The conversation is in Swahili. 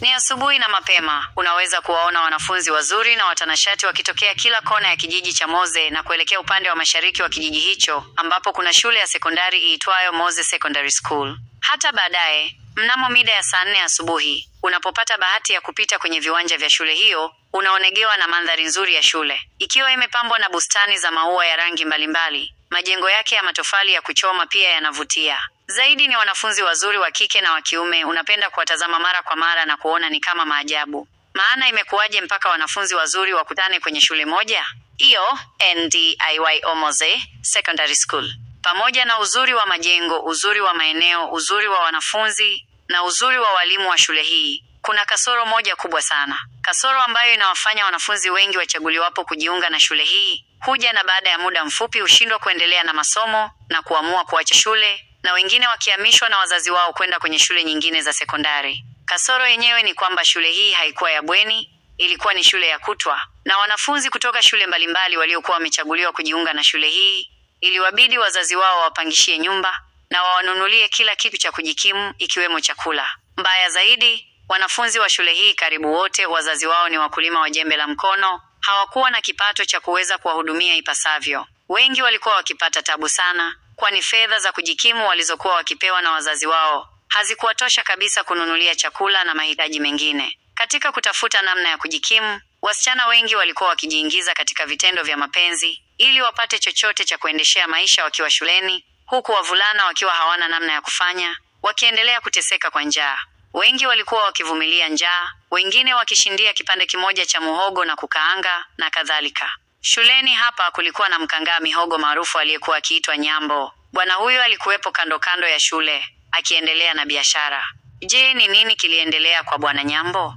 Ni asubuhi na mapema, unaweza kuwaona wanafunzi wazuri na watanashati wakitokea kila kona ya kijiji cha Moze na kuelekea upande wa mashariki wa kijiji hicho ambapo kuna shule ya sekondari iitwayo Moze Secondary School. Hata baadaye, mnamo mida ya saa nne asubuhi, unapopata bahati ya kupita kwenye viwanja vya shule hiyo, unaonegewa na mandhari nzuri ya shule ikiwa imepambwa na bustani za maua ya rangi mbalimbali. Majengo yake ya matofali ya kuchoma pia yanavutia. Zaidi ni wanafunzi wazuri wa kike na wa kiume, unapenda kuwatazama mara kwa mara na kuona ni kama maajabu. Maana imekuwaje mpaka wanafunzi wazuri wakutane kwenye shule moja? Hiyo NDIY Omoze Secondary School. Pamoja na uzuri wa majengo, uzuri wa maeneo, uzuri wa wanafunzi na uzuri wa walimu wa shule hii, kuna kasoro moja kubwa sana, kasoro ambayo inawafanya wanafunzi wengi wachaguliwapo kujiunga na shule hii huja na baada ya muda mfupi hushindwa kuendelea na masomo na kuamua kuacha shule na wengine wakihamishwa na wazazi wao kwenda kwenye shule nyingine za sekondari. Kasoro yenyewe ni kwamba shule hii haikuwa ya bweni, ilikuwa ni shule ya kutwa, na wanafunzi kutoka shule mbalimbali waliokuwa wamechaguliwa kujiunga na shule hii iliwabidi wazazi wao wawapangishie nyumba na wawanunulie kila kitu cha kujikimu ikiwemo chakula. Mbaya zaidi, wanafunzi wa shule hii karibu wote wazazi wao ni wakulima wa jembe la mkono, hawakuwa na kipato cha kuweza kuwahudumia ipasavyo. Wengi walikuwa wakipata tabu sana kwani fedha za kujikimu walizokuwa wakipewa na wazazi wao hazikuwatosha kabisa kununulia chakula na mahitaji mengine. Katika kutafuta namna ya kujikimu, wasichana wengi walikuwa wakijiingiza katika vitendo vya mapenzi ili wapate chochote cha kuendeshea maisha wakiwa shuleni, huku wavulana wakiwa hawana namna ya kufanya, wakiendelea kuteseka kwa njaa. Wengi walikuwa wakivumilia njaa, wengine wakishindia kipande kimoja cha muhogo na kukaanga na kadhalika. Shuleni hapa kulikuwa na mkangaa mihogo maarufu aliyekuwa akiitwa Nyambo. Bwana huyo alikuwepo kando kando ya shule akiendelea na biashara. Je, ni nini kiliendelea kwa Bwana Nyambo?